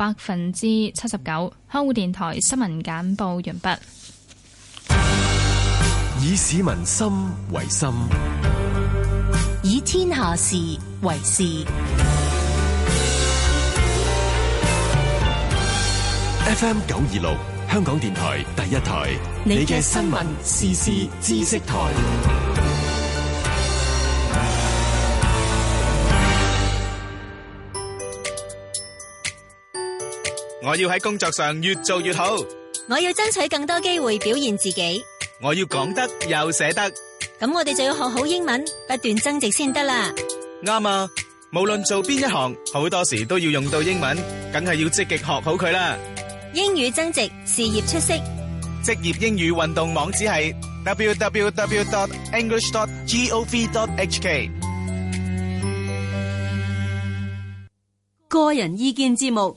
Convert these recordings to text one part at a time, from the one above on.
百分之七十九，香港電台新聞簡報完畢。以市民心為心，以天下事為事。FM 九二六，香港電台第一台，你嘅新聞、時事、知識台。我要喺工作上越做越好。我要爭取更多機會表現自己。我要講得又寫得。咁我哋就要學好英文，不斷增值先得啦。啱啊！無論做邊一行，好多時都要用到英文，梗係要積極學好佢啦。英語增值，事業出色。職業英語運動網址係 www.english.gov.hk。個人意見節目。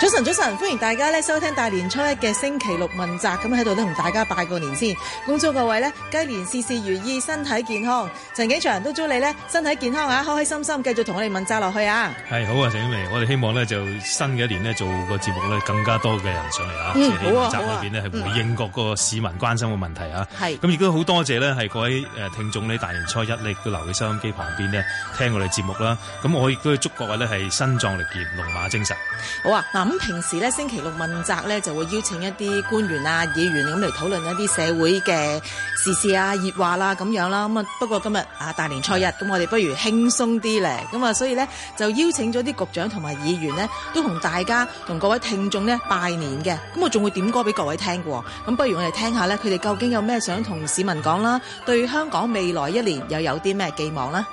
早晨，早晨，歡迎大家咧，收聽大年初一嘅星期六問責。咁喺度咧，同大家拜個年先，恭祝各位咧，雞年事事如意，身體健康。陳景祥都祝你咧，身體健康啊，開開心心，繼續同我哋問責落去啊。係好啊，陳景祥，我哋希望咧，就新嘅一年咧，做個節目咧，更加多嘅人上嚟啊，喺、嗯、問責、啊、裏邊咧，係回應各個市民關心嘅問題啊。係、嗯。咁亦都好多謝咧，係各位誒聽眾咧，大年初一你都留喺收音機旁邊咧，聽我哋節目啦。咁我亦都祝各位咧，係身壯力健，龍馬精神。好啊，咁平時咧星期六問責咧就會邀請一啲官員啊、議員咁嚟討論一啲社會嘅時事啊、熱話啦咁樣啦。咁啊不過今日啊大年初一，咁我哋不如輕鬆啲咧。咁啊所以咧就邀請咗啲局長同埋議員咧都同大家同各位聽眾咧拜年嘅。咁我仲會點歌俾各位聽嘅。咁不如我哋聽下咧，佢哋究竟有咩想同市民講啦？對香港未來一年又有啲咩寄望啦？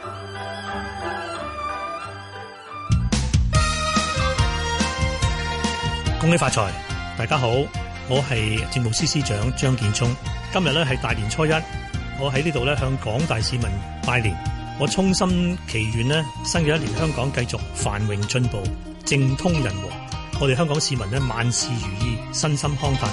恭喜發財！大家好，我係政務司司長張建聰，今日咧係大年初一，我喺呢度咧向廣大市民拜年。我衷心祈願新嘅一年香港繼續繁榮進步、政通人和。我哋香港市民咧，萬事如意，身心康泰。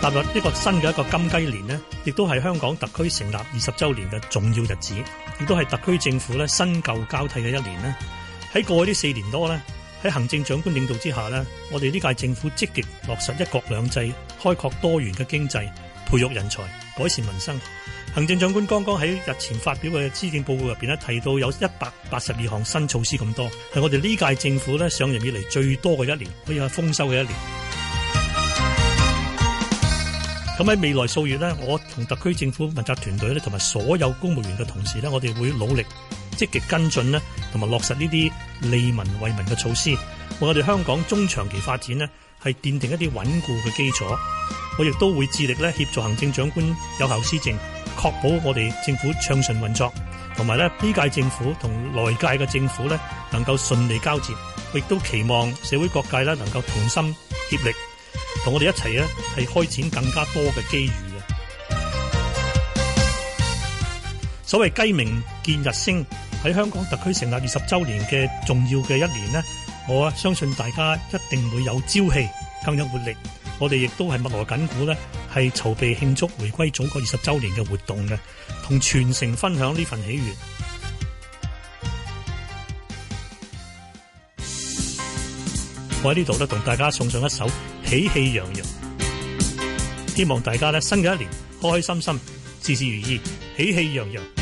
踏入一個新嘅一個金雞年，亦都係香港特區成立二十周年嘅重要日子，亦都係特區政府咧新舊交替嘅一年。喺過去呢四年多呢，喺行政長官領導之下呢，我哋呢屆政府積極落實一國兩制，開拓多元嘅經濟，培育人才，改善民生。行政長官剛剛喺日前發表嘅施政報告入面呢，提到有一百八十二項新措施咁多，係我哋呢屆政府咧上任以嚟最多嘅一年，可以話係豐收嘅一年。咁喺未來數月呢，我同特區政府問責團隊咧，同埋所有公務員嘅同事呢，我哋會努力，積極跟進咧，同埋落實呢啲利民惠民嘅措施，為我哋香港中長期發展咧，係奠定一啲穩固嘅基礎。我亦都會致力咧協助行政長官有效施政，確保我哋政府暢順運作，同埋咧呢屆政府同來屆嘅政府能夠順利交接。亦都期望社會各界能夠同心協力，同我哋一齊係開展更加多嘅機遇嘅。所謂雞鳴。見日升，喺香港特區成立二十周年嘅重要嘅一年呢，我相信大家一定會有朝氣，更有活力。我哋亦都係密鑼緊鼓，呢係籌備慶祝回歸祖國二十周年嘅活動嘅，同全城分享呢份喜悅。我喺呢度呢，同大家送上一首喜氣洋洋，希望大家呢新嘅一年開開心心，事事如意，喜氣洋洋。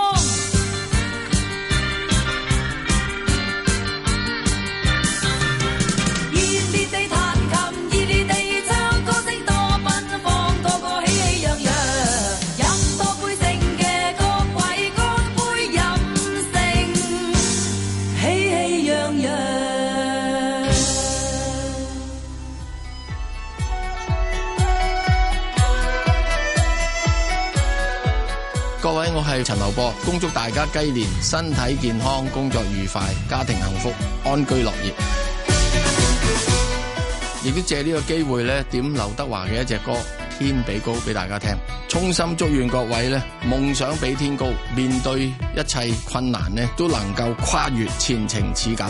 播恭祝大家雞年身體健康，工作愉快，家庭幸福，安居樂業。亦都借呢個機會咧，點劉德華嘅一隻歌《天比高》俾大家聽。衷心祝願各位咧，夢想比天高，面對一切困難呢，都能夠跨越，前程似錦。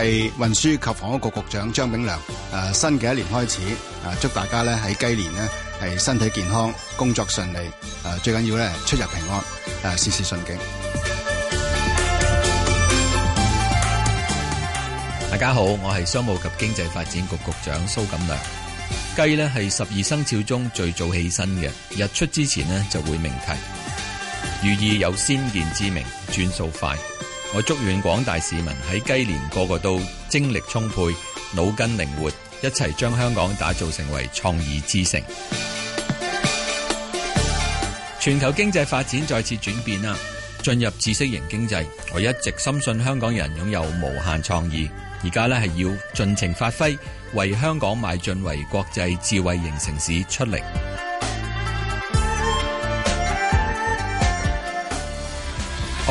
係運輸及房屋局局長張炳良，誒，新嘅一年開始，啊，祝大家咧喺雞年咧係身體健康，工作順利，最緊要咧出入平安，誒，事事順景。大家好，我係商務及經濟發展局局長蘇錦良。雞咧係十二生肖中最早起身嘅，日出之前就會鳴啼，寓意有先見之明，轉數快。我祝願廣大市民喺雞年個個都精力充沛、腦筋靈活，一齊將香港打造成為創意之城。全球經濟發展再次轉變啦，進入知識型經濟。我一直深信香港人擁有無限創意，而家咧係要盡情發揮，為香港邁進為國際智慧型城市出力。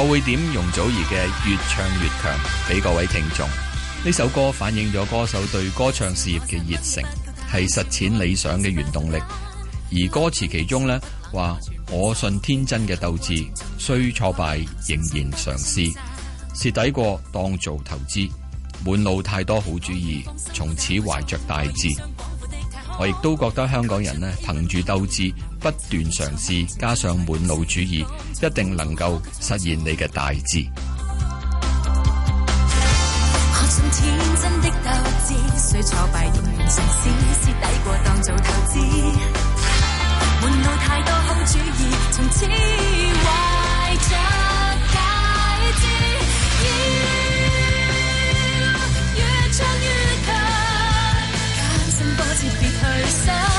我會點容祖兒嘅《越唱越強》俾各位聽眾。呢首歌反映咗歌手對歌唱事業嘅熱誠，係實踐理想嘅原動力。而歌詞其中呢話：我信天真嘅鬥志，雖挫敗仍然嘗試，蝕底過當做投資，滿腦太多好主意，從此懷着大志。我亦都覺得香港人咧，憑住鬥志不斷嘗試，加上滿腦主意，一定能夠實現你嘅大志。 曾波折，別去想。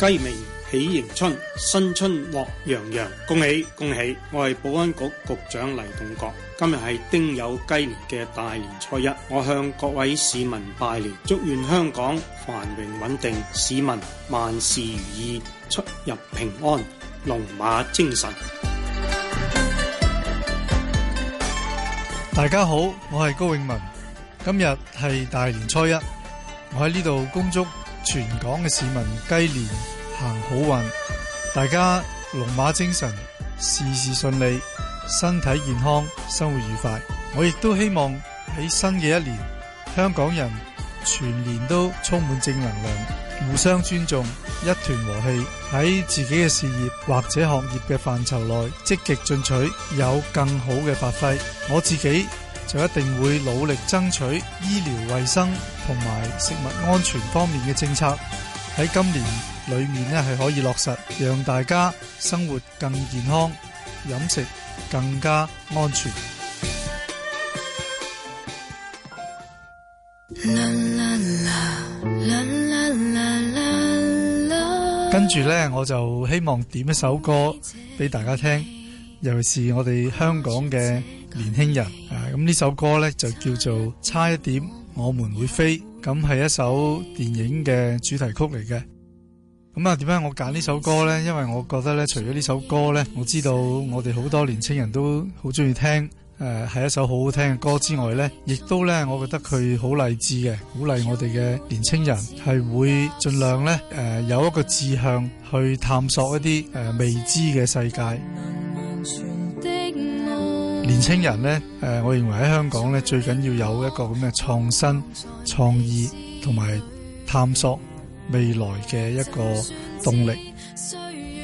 雞鳴喜迎春，新春樂洋洋，恭喜恭喜！我係保安局局長黎棟國，今日係丁酉雞年嘅大年初一，我向各位市民拜年，祝願香港繁榮穩定，市民萬事如意，出入平安，龍馬精神。大家好，我係高永文，今日係大年初一，我喺呢度恭祝。全港嘅市民雞年行好運，大家龍馬精神，事事順利，身體健康，生活愉快。我亦都希望喺新嘅一年，香港人全年都充滿正能量，互相尊重，一團和氣。喺自己嘅事業或者學業嘅範疇內，積極進取，有更好嘅發揮。我自己就一定會努力爭取醫療衛生。同埋食物安全方面嘅政策喺今年裏面呢，係可以落實，讓大家生活更健康，飲食更加安全。 跟住呢，我就希望點一首歌俾大家聽，尤其是我哋香港嘅年輕人啊！咁呢首歌呢，就叫做《差一點》。我們會飛，咁係一首電影嘅主題曲嚟嘅。咁啊，點解我揀呢首歌呢？因為我覺得咧，除咗呢首歌咧，我知道我哋好多年輕人都好中意聽，誒、呃，係一首好好聽嘅歌之外咧，亦都咧，我覺得佢好勵志嘅，鼓勵我哋嘅年青人係會盡量咧，誒、呃，有一個志向去探索一啲誒、呃，未知嘅世界。年青人呢，誒，我認為喺香港呢，最緊要有一個咁嘅創新、創意同埋探索未來嘅一個動力。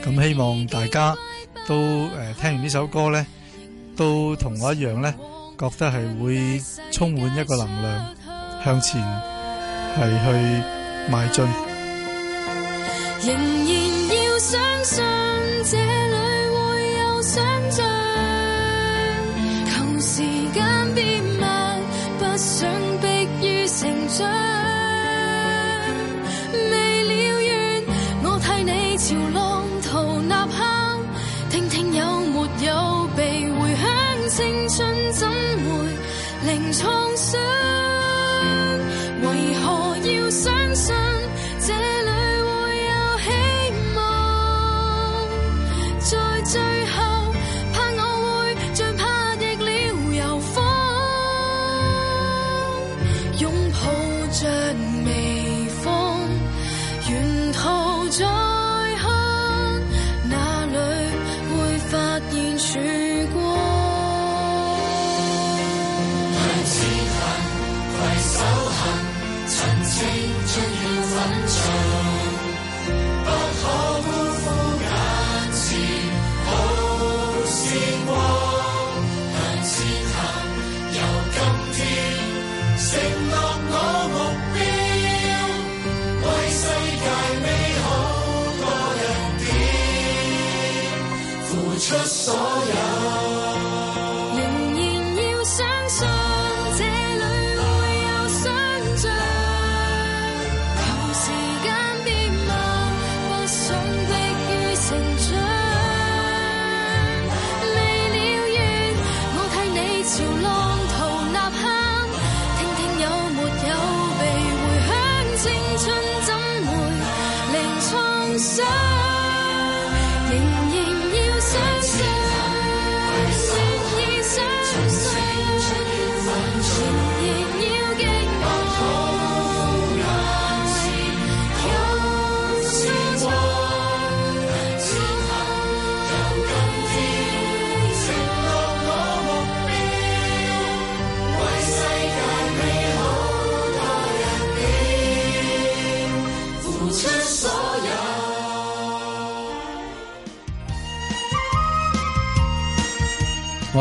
咁希望大家都誒聽完呢首歌呢，都同我一樣呢，覺得係會充滿一個能量向前係去邁進。仍然要相信這裏會有想象。時間變慢，不想逼於成長。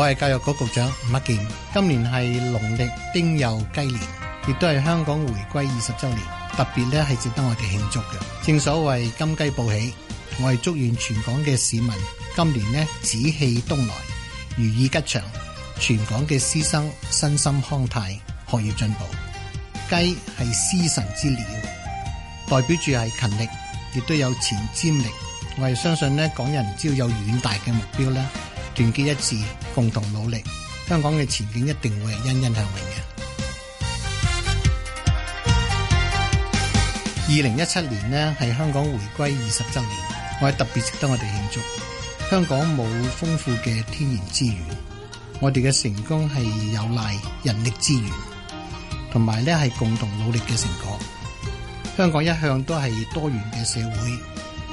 我係教育局局長吳克儉，今年係農曆丁酉雞年，亦都係香港回歸二十周年，特別咧，係值得我哋慶祝嘅。正所謂金雞報喜，我係祝願全港嘅市民今年咧，紫氣東來，如意吉祥，全港嘅師生身心康泰，學業進步。雞係司晨之鳥，代表住係勤力，亦都有前瞻力。我係相信咧，港人只要有遠大嘅目標咧，團結一致。共同努力，香港嘅前景一定會係欣欣向榮嘅。二零一七年呢，係香港回歸二十周年，我係特別值得我哋慶祝。香港冇豐富嘅天然資源，我哋嘅成功係有賴人力資源，同埋咧係共同努力嘅成果。香港一向都係多元嘅社會，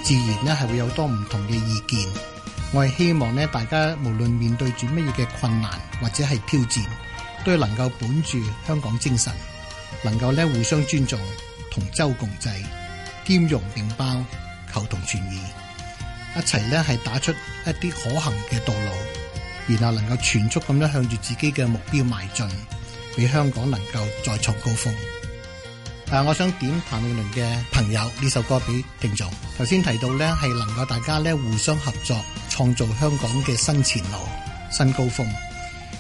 自然咧係會有多唔同嘅意見。我希望咧，大家無論面對住乜嘢嘅困難或者係挑戰，都能夠本住香港精神，能夠咧互相尊重、同舟共濟、兼容並包、求同存異，一齊咧係打出一啲可行嘅道路，然後能夠全速咁樣向住自己嘅目標邁進，俾香港能夠再創高峰。誒，但我想點譚詠麟嘅《朋友》，呢首歌俾聽眾。頭先提到呢，係能夠大家呢互相合作，創造香港嘅新前路、新高峰。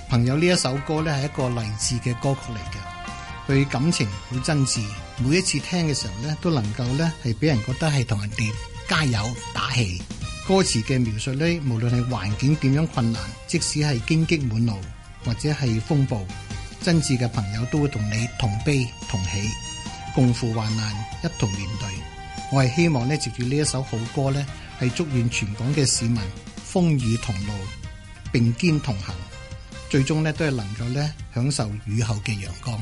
朋友呢一首歌呢，係一個勵志嘅歌曲嚟嘅，對感情好真摯，每一次聽嘅時候呢，都能夠呢係俾人覺得係同人哋加油打氣。歌詞嘅描述呢，無論係環境點樣困難，即使係荊棘滿路或者係風暴，真摯嘅朋友都會同你同悲同喜。共赴患難，一同面對。我係希望咧，接住呢一首好歌咧，係祝願全港嘅市民風雨同路，並肩同行，最終咧都係能夠咧享受雨後嘅陽光。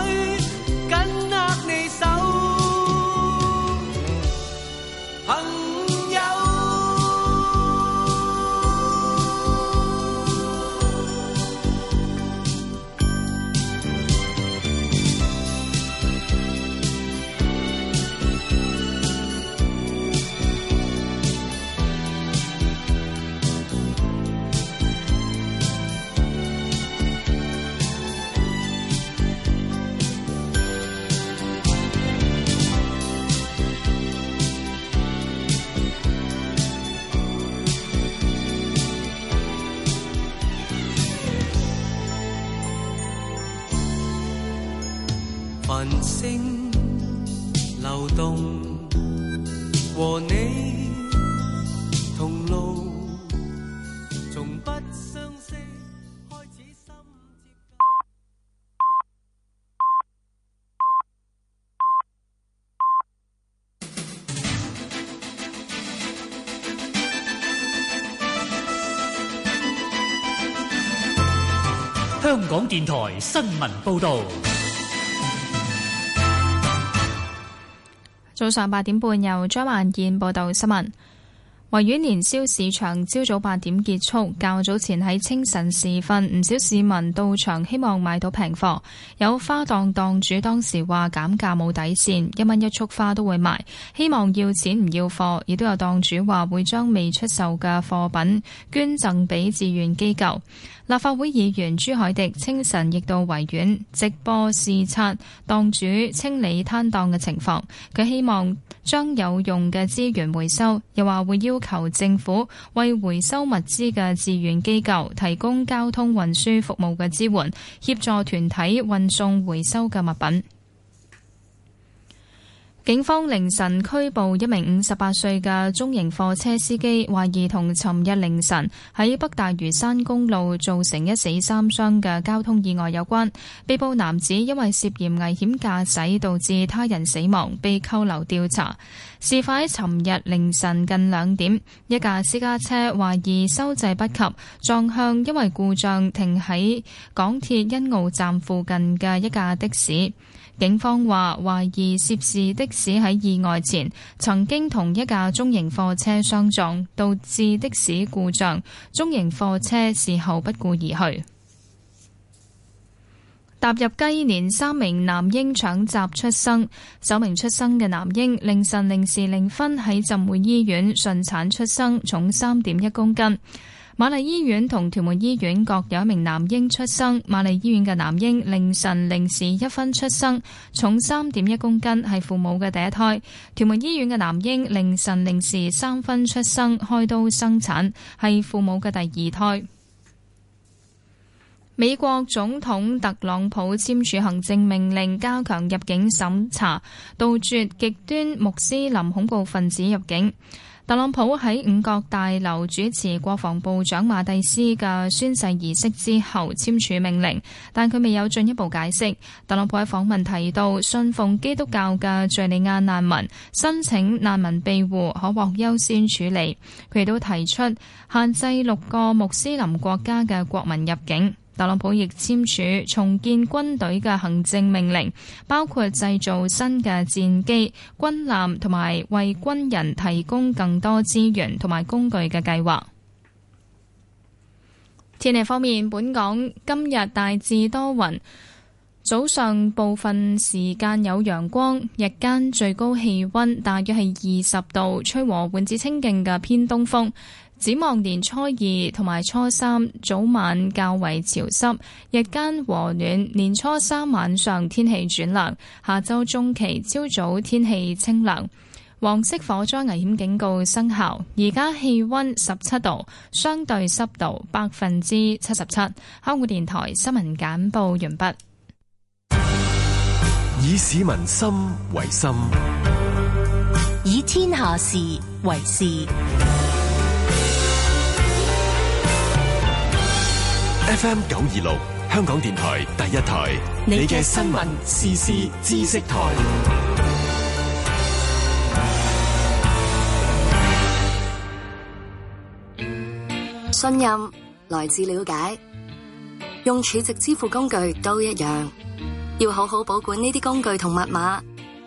電台新聞報道：早上八點半，由張萬健報道新聞。維園年宵市場朝早八點結束，較早前喺清晨時分，唔少市民到場，希望買到平貨。有花檔檔主當時話減價冇底線，一蚊一束花都會賣，希望要錢唔要貨。亦都有檔主話會將未出售嘅貨品捐贈俾志願機構。立法會議員朱凱迪清晨亦到維園直播視察檔主清理攤檔嘅情況，佢希望將有用嘅資源回收，又話會要求政府為回收物資嘅志願機構提供交通運輸服務嘅支援，協助團體運送回收嘅物品。警方凌晨拘捕一名五十八歲嘅中型貨車司機，懷疑同尋日凌晨喺北大嶼山公路造成一死三傷嘅交通意外有關。被捕男子因為涉嫌危險駕駛導致他人死亡，被扣留調查。事發喺尋日凌晨近兩點，一架私家車懷疑收掣不及，撞向因為故障停喺港鐵欣澳站附近嘅一架的士。警方話懷疑涉事的士喺意外前曾經同一架中型貨車相撞，導致的士故障。中型貨車事後不顧而去。踏入雞年，三名男嬰搶閘出生，首名出生嘅男嬰凌晨零時零分喺浸會醫院順產出生，重三點一公斤。瑪麗醫院同屯門醫院各有一名男嬰出生。瑪麗醫院嘅男嬰凌晨零時一分出生，重三點一公斤，係父母嘅第一胎。屯門醫院嘅男嬰凌晨零時三分出生，開刀生產，係父母嘅第二胎。美國總統特朗普簽署行政命令，加強入境審查，杜絕極端穆斯林恐怖分子入境。特朗普喺五角大樓主持國防部長馬蒂斯嘅宣誓儀式之後簽署命令，但佢未有進一步解釋。特朗普喺訪問提到，信奉基督教嘅敘利亞難民申請難民庇護可獲優先處理。佢亦都提出限制六個穆斯林國家嘅國民入境。特朗普亦簽署重建軍隊嘅行政命令，包括製造新嘅戰機、軍艦，同埋為軍人提供更多資源同埋工具嘅計劃。天氣方面，本港今日大致多雲，早上部分時間有陽光，日間最高氣溫大約係二十度，吹和緩至清勁嘅偏東風。展望年初二同埋初三早晚較為潮濕，日間和暖。年初三晚上天氣轉涼。下周中期朝早天氣清涼。黃色火災危險警告生效。而家氣溫十七度，相對濕度百分之七十七。香港電台新聞簡報完畢。以市民心為心，以天下事為事。FM 九二六，香港電台第一台。你嘅新聞、時事、知識台。信任來自了解，用儲值支付工具都一樣，要好好保管呢啲工具同密碼。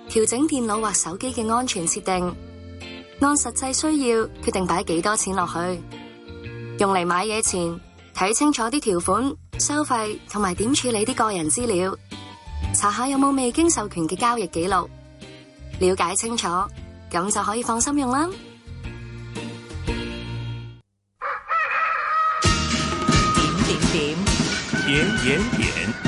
調整電腦或手機嘅安全設定，按實際需要決定擺幾多錢落去，用嚟買嘢前。睇清楚啲條款、收費同埋點處理啲個人資料，查下有冇未經授權嘅交易記錄，了解清楚，咁就可以放心用啦。點點點點點點。點點點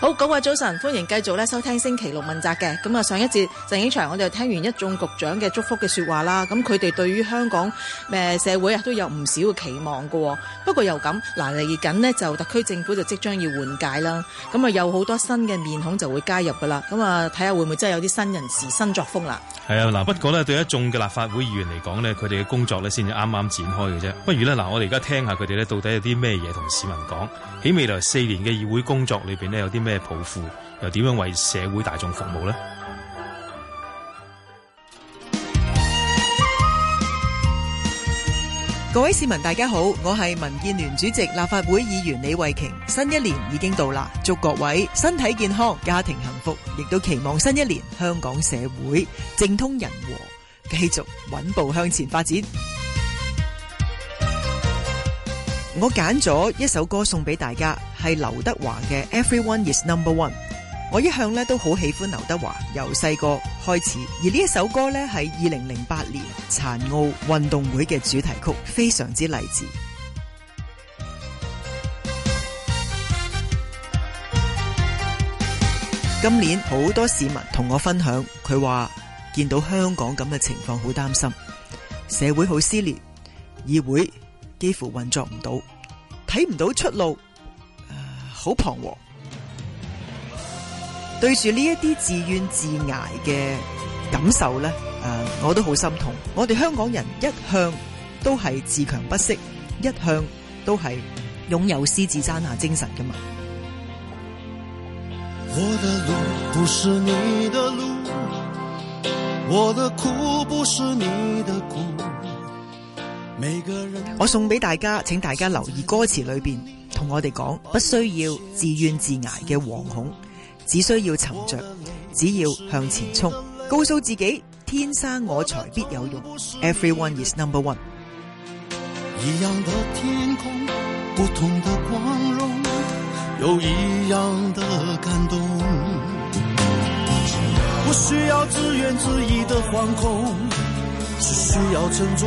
好，各位早晨，歡迎繼續咧收聽星期六問責嘅。咁啊，上一節陳景祥，我哋聽完一眾局長嘅祝福嘅說話啦。咁佢哋對於香港誒社會啊，都有唔少嘅期望喎。不過又咁嗱，嚟緊呢，就特區政府就即將要換屆啦。咁啊，有好多新嘅面孔就會加入噶啦。咁啊，睇下會唔會真係有啲新人事、新作風啦。係啊，嗱，不過呢，對一眾嘅立法會議員嚟講呢，佢哋嘅工作呢先至啱啱展開嘅啫。不如呢，嗱，我哋而家聽下佢哋到底有啲咩嘢同市民講？喺未來四年嘅議會工作裏邊呢，有啲咩？咩抱負，又點樣為社會大眾服務呢？各位市民大家好，我係民建聯主席立法會議員李慧瓊。新一年已經到啦，祝各位身體健康、家庭幸福，亦都期望新一年香港社會政通人和，繼續穩步向前發展。我揀咗一首歌送俾大家，係劉德華嘅《Everyone Is Number One》。我一向咧都好喜歡劉德華，由細個開始。而呢一首歌咧係二零零八年殘奧運動會嘅主題曲，非常之勵志。今年好多市民同我分享，佢話見到香港咁嘅情況好擔心，社會好撕裂，議會，幾乎運作唔到，睇唔到出路，好、呃、彷徨。對住呢一啲自怨自艾嘅感受呢誒、呃，我都好心痛。我哋香港人一向都係自強不息，一向都係擁有獅子山下精神噶嘛。我的路不是你的路，我的苦不是你的苦。我送俾大家，請大家留意歌詞裏邊，同我哋講，不需要自怨自艾嘅惶恐，只需要沉着，只要向前衝，告訴自己，天生我材必有用。Everyone is number one。一樣的天空，不同的光榮，有一樣的感動。不需要自怨自艾的惶恐，只需要撐住。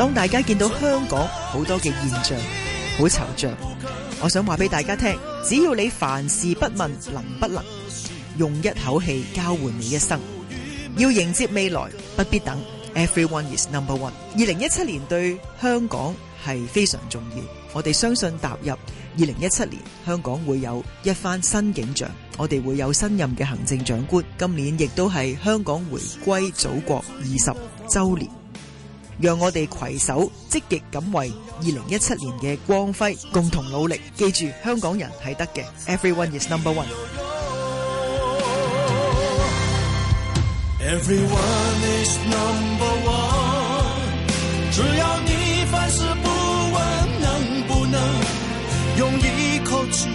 當大家見到香港好多嘅現象，好惆悵。我想話俾大家聽：只要你凡事不問能不能，用一口氣交換你一生，要迎接未來不必等。Everyone is number one。二零一七年對香港係非常重要，我哋相信踏入二零一七年，香港會有一番新景象。我哋會有新任嘅行政長官，今年亦都係香港回歸祖國二十週年。讓我哋攜手積極咁為二零一七年嘅光輝共同努力。記住，香港人係得嘅，everyone is number one。只要你凡事不問能不能，用一口氣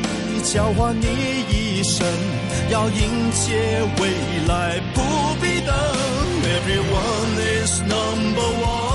交換你一生，要迎接未來不必等。everyone is number one。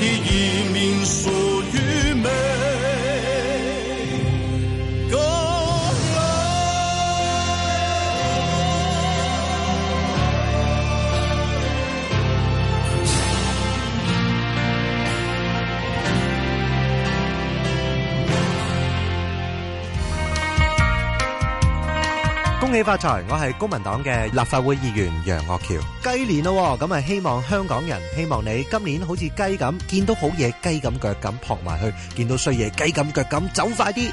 第一名屬於美。 恭喜發財！我係公民黨嘅立法會議員楊岳橋。雞年咯，咁啊希望香港人，希望你今年好似雞咁，見到好嘢雞咁腳咁撲埋去，見到衰嘢雞咁腳咁走快啲。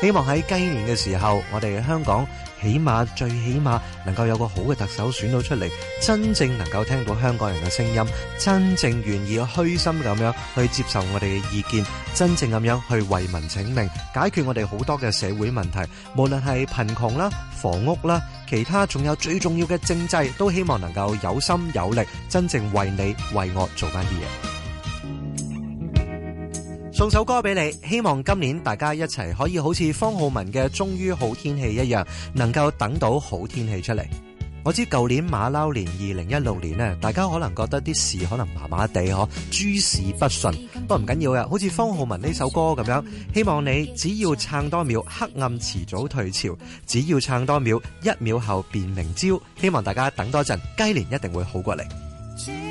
希望喺雞年嘅時候，我哋香港，起碼最起碼能夠有個好嘅特首選到出嚟，真正能夠聽到香港人嘅聲音，真正願意虛心咁樣去接受我哋嘅意見，真正咁樣去為民請命，解決我哋好多嘅社會問題，無論係貧窮啦、房屋啦，其他仲有最重要嘅政制，都希望能夠有心有力，真正為你、為我做翻啲嘢。送首歌俾你，希望今年大家一齊可以好似方皓文嘅《終於好天氣》一樣，能夠等到好天氣出嚟。我知舊年馬騮年二零一六年呢，大家可能覺得啲事可能麻麻地嗬，諸事不順，不過唔緊要呀。好似方皓文呢首歌咁樣，希望你只要撐多秒，黑暗遲早退潮；只要撐多秒，一秒後變明朝。希望大家等多陣，雞年一定會好過嚟。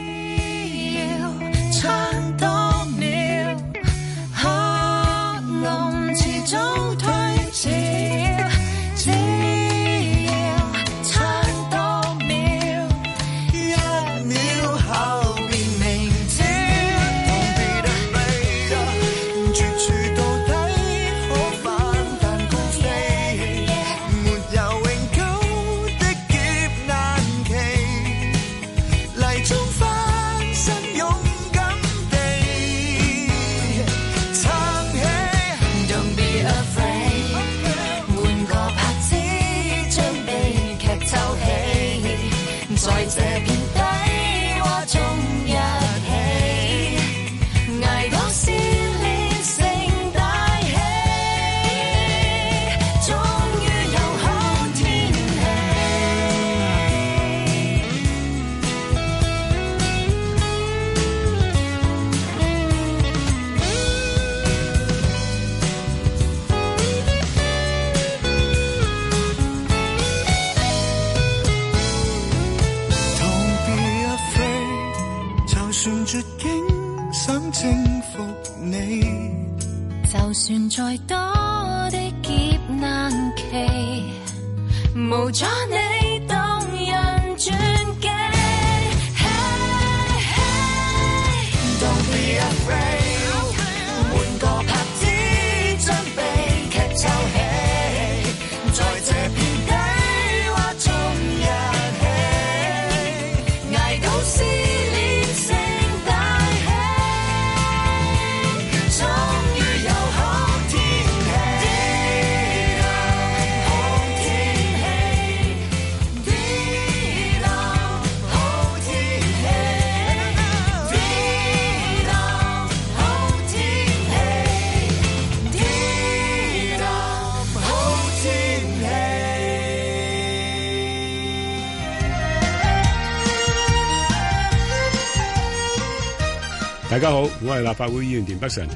大家好，我係立法會議員田北辰。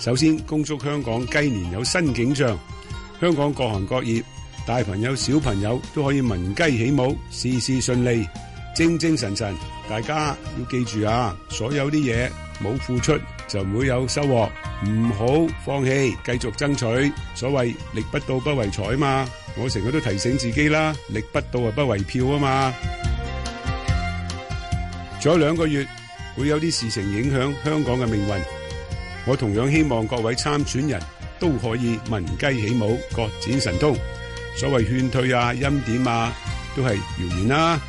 首先恭祝香港雞年有新景象，香港各行各業大朋友小朋友都可以聞雞起舞，事事順利，精精神神。大家要記住啊，所有啲嘢冇付出就唔會有收穫，唔好放棄，繼續爭取。所謂力不到不為財嘛，我成日都提醒自己啦，力不到啊不為票啊嘛。仲有兩個月。會有啲事情影響香港嘅命運。我同樣希望各位參選人都可以聞雞起舞，各展神通。所謂勸退啊、欽點啊，都係謠言啦、啊。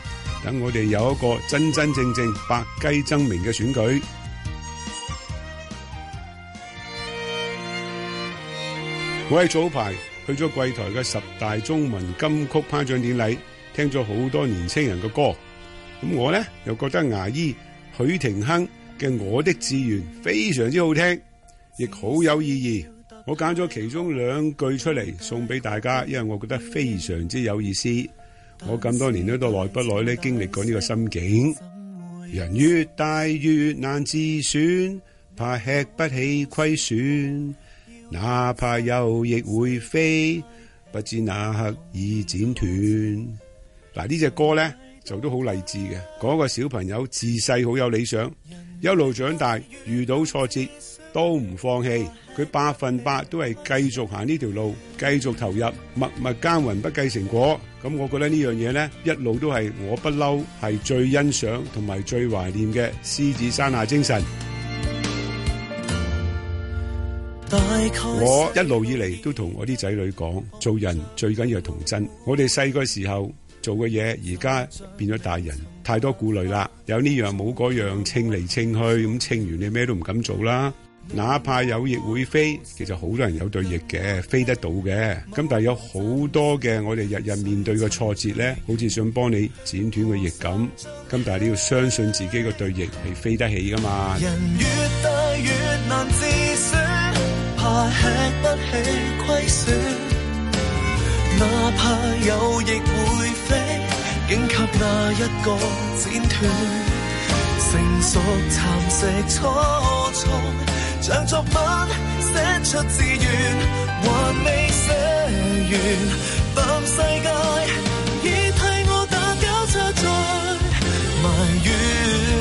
等我哋有一個真真正正百雞爭鳴嘅選舉。 我喺早排去咗港台嘅十大中文金曲頒獎典禮，聽咗好多年輕人嘅歌。咁我呢，又覺得牙醫。許廷鏗嘅《我的志願》非常之好聽，亦好有意義。我揀咗其中兩句出嚟送俾大家，因為我覺得非常之有意思。我咁多年都耐不耐呢，經歷過呢個心境。人越大越難自選，怕吃不起虧損，哪怕有翼亦會飛，不知哪刻已剪斷。嗱呢隻歌咧。都好勵志嘅，嗰個小朋友自細好有理想，一路長大遇到挫折都唔放棄，佢百分百都係繼續行呢條路，繼續投入，默默耕耘不計成果。咁我覺得呢樣嘢呢，一路都係我不嬲，係最欣賞同埋最懷念嘅獅子山下精神。我一路以嚟都同我啲仔女講，做人最緊要係童真。我哋細個時候。做嘅嘢而家變咗大人，太多顧慮啦，有呢樣冇嗰樣，稱嚟稱去咁稱完你咩都唔敢做啦。哪怕有翼會飛，其實好多人有對翼嘅，飛得到嘅。咁但係有好多嘅，我哋日日面對嘅挫折咧，好似想幫你剪斷個翼咁。咁但係你要相信自己個對翼係飛得起噶嘛。竟給那一個剪斷，成熟蠶食初衷，像作文寫出志願，還未寫完，當世界已替我打交叉，再埋怨。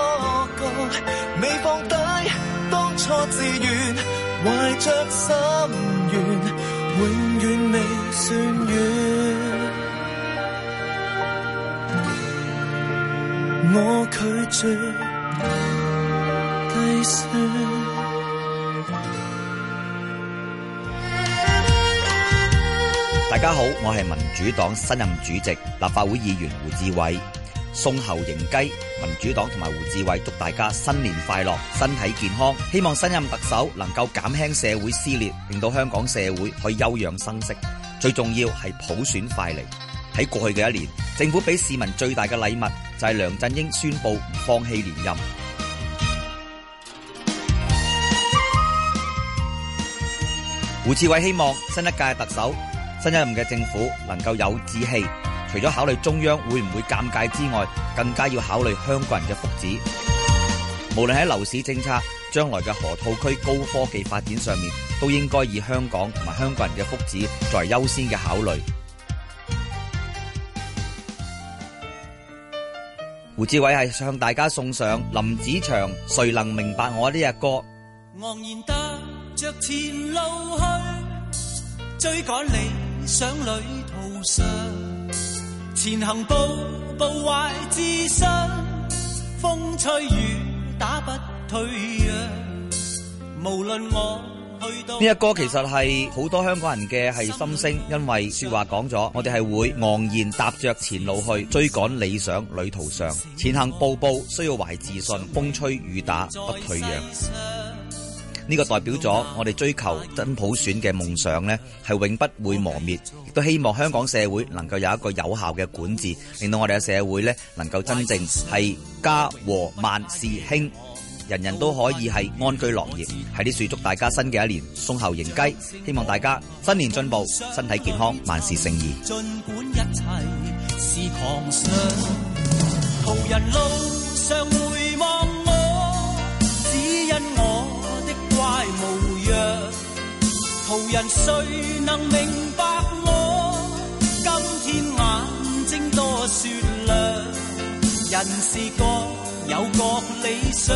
未放低，當初自願，懷着心願，永遠未算完，我拒絕低。大家好，我係民主黨新任主席、立法會議員胡志偉。送猴迎雞，民主黨同埋胡志偉祝大家新年快樂，身體健康。希望新任特首能夠減輕社會撕裂，令到香港社會可以休養生息。最重要係普選快嚟。喺過去嘅一年，政府俾市民最大嘅禮物就係梁振英宣布不放棄連任。胡志偉希望新一屆特首、新一任嘅政府能夠有志氣。除咗考慮中央會唔會尷尬之外，更加要考慮香港人嘅福祉。無論喺樓市政策、將來嘅河套區高科技發展上面，都應該以香港同埋香港人嘅福祉作為優先嘅考慮。胡志偉係向大家送上林子祥《誰能明白我》呢首歌。昂然踏着前路去，追趕理想旅途上。前行步步懷自信，風吹雨打不退讓。無論我去到，呢一首歌其實係好多香港人嘅，係心聲，因為說話講咗我哋係會昂然踏着前路去，追趕理想旅途上，前行步步需要懷自信，風吹雨打不退讓。呢個代表咗我哋追求真普選嘅夢想呢，係永不會磨滅，亦都希望香港社會能夠有一個有效嘅管治，令到我哋嘅社會呢能夠真正係家和萬事興，人人都可以係安居樂業。喺呢度祝祝大家新嘅一年，送猴迎雞，希望大家新年進步，身體健康，萬事勝意。儘管一切是狂想，途人路上回望我，只因我。途人誰能明白我？今天眼睛多雪亮，人是各有各理想，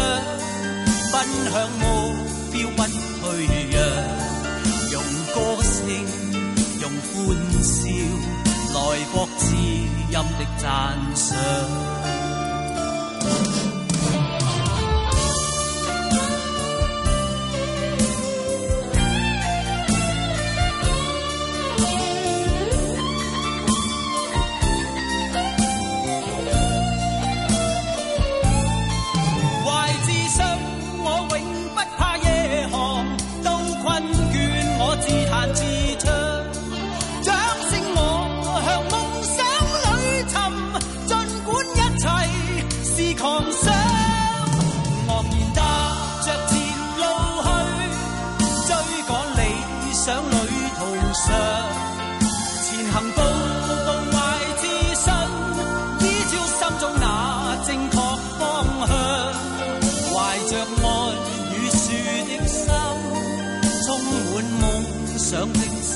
奔向目標不退讓，用歌聲，用歡笑，來博知音的讚賞。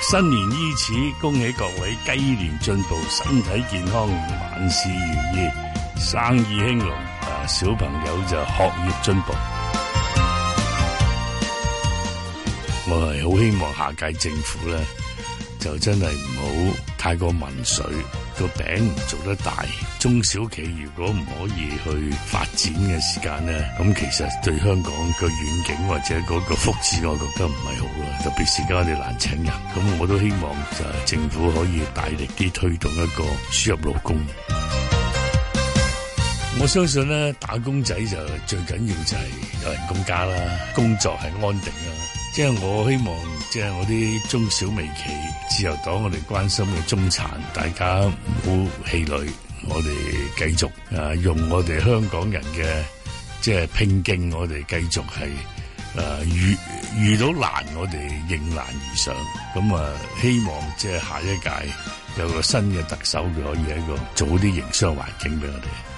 新年伊始，恭喜各位雞年進步，身體健康，萬事如意，生意興隆。啊，小朋友就學業進步。我係好希望下屆政府咧。就真係唔好太過民粹，個餅唔做得大。中小企如果唔可以去發展嘅時間咧，咁其實對香港個遠景或者嗰個福祉，我覺得唔係好啦。特別而家我哋難請人，咁我都希望就係政府可以大力啲推動一個輸入勞工。 我相信咧，打工仔就最緊要就係有人工加啦，工作係安定啦。即係我希望，即係我啲中小微企、自由黨，我哋關心嘅中產，大家唔好氣餒，我哋繼續、啊、用我哋香港人嘅即係拼勁，我哋繼續係、啊、遇遇到難，我哋迎難而上。咁啊，希望即係下一屆有個新嘅特首，佢可以喺度早啲營商環境俾我哋。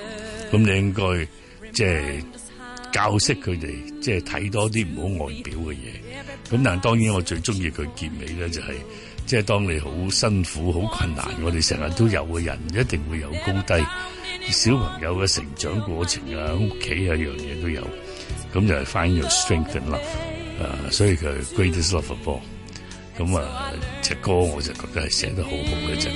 咁你應該即係教識佢哋，即係睇多啲唔好外表嘅嘢。咁但當然我最中意佢結尾咧，就係、即係當你好辛苦、好困難，我哋成日都有嘅人一定會有高低。小朋友嘅成長過程啊、屋企啊一樣嘢都有。咁就係 Find your strength and love，啊，所以佢 Greatest Love of All。咁啊，隻歌我就覺得係寫得好好嘅隻歌。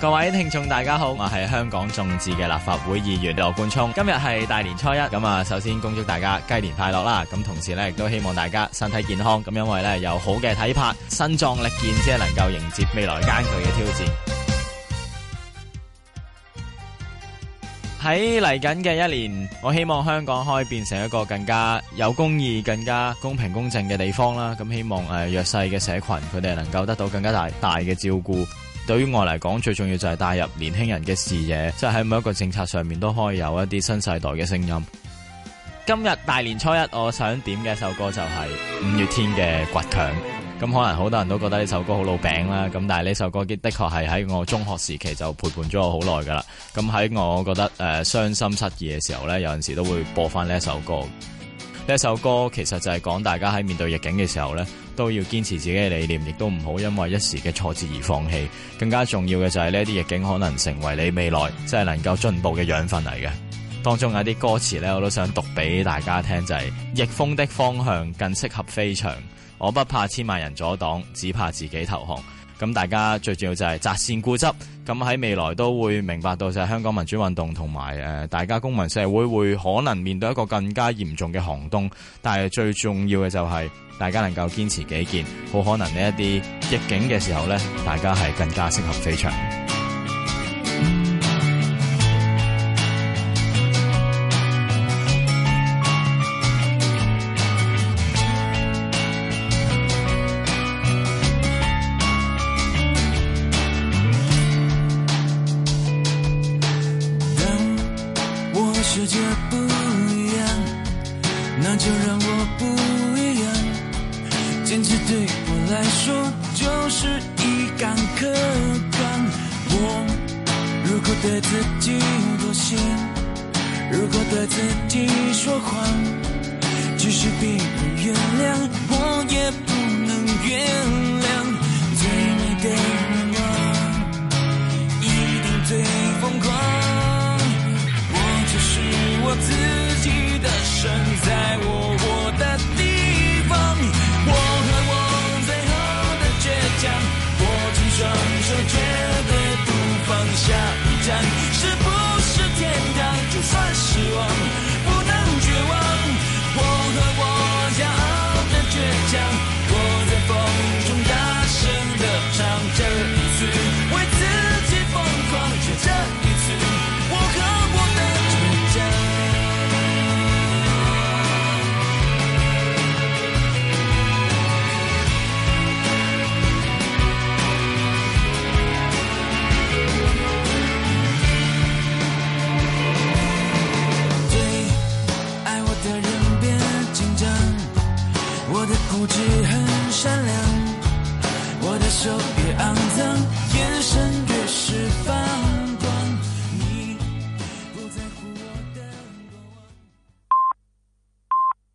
各位聽眾大家好，我係香港眾志嘅立法會議員羅冠聰。今日係大年初一，咁啊，首先恭祝大家雞年快樂啦！咁同時咧，亦都希望大家身體健康，咁因為咧，有好嘅體魄、身壯力健，先能夠迎接未來艱巨嘅挑戰。喺嚟緊嘅一年，我希望香港可以變成一個更加有公義、更加公平公正嘅地方啦。咁希望誒弱勢嘅社群，佢哋能夠得到更加大大嘅照顧。對於我嚟講，最重要就係帶入年輕人嘅視野，即係喺每一個政策上面都可以有一啲新世代嘅聲音。今日大年初一，我想點嘅一首歌就係五月天嘅《倔強》。咁可能好多人都覺得呢首歌好老餅啦，咁但係呢首歌的確係喺我中學時期就陪伴咗我好耐噶啦。咁喺我覺得誒傷心失意嘅時候呢，有陣時都會播返呢一首歌。呢首歌其實就係講大家喺面對逆境嘅時候呢都要堅持自己嘅理念，亦都唔好因為一時嘅挫折而放棄。更加重要嘅就係呢啲逆境可能成為你未來即係能夠進步嘅養分嚟嘅。當中有啲歌詞呢，我都想讀俾大家聽，就係逆風的方向更適合飛翔，我不怕千萬人阻擋，只怕自己投降。咁大家最重要就係擇善固執，咁喺未來都會明白到就係香港民主運動同埋誒大家公民社會會可能會面對一個更加嚴重嘅寒冬，但係最重要嘅就係大家能夠堅持己見，好可能呢一啲逆境嘅時候呢，大家係更加適合飛翔。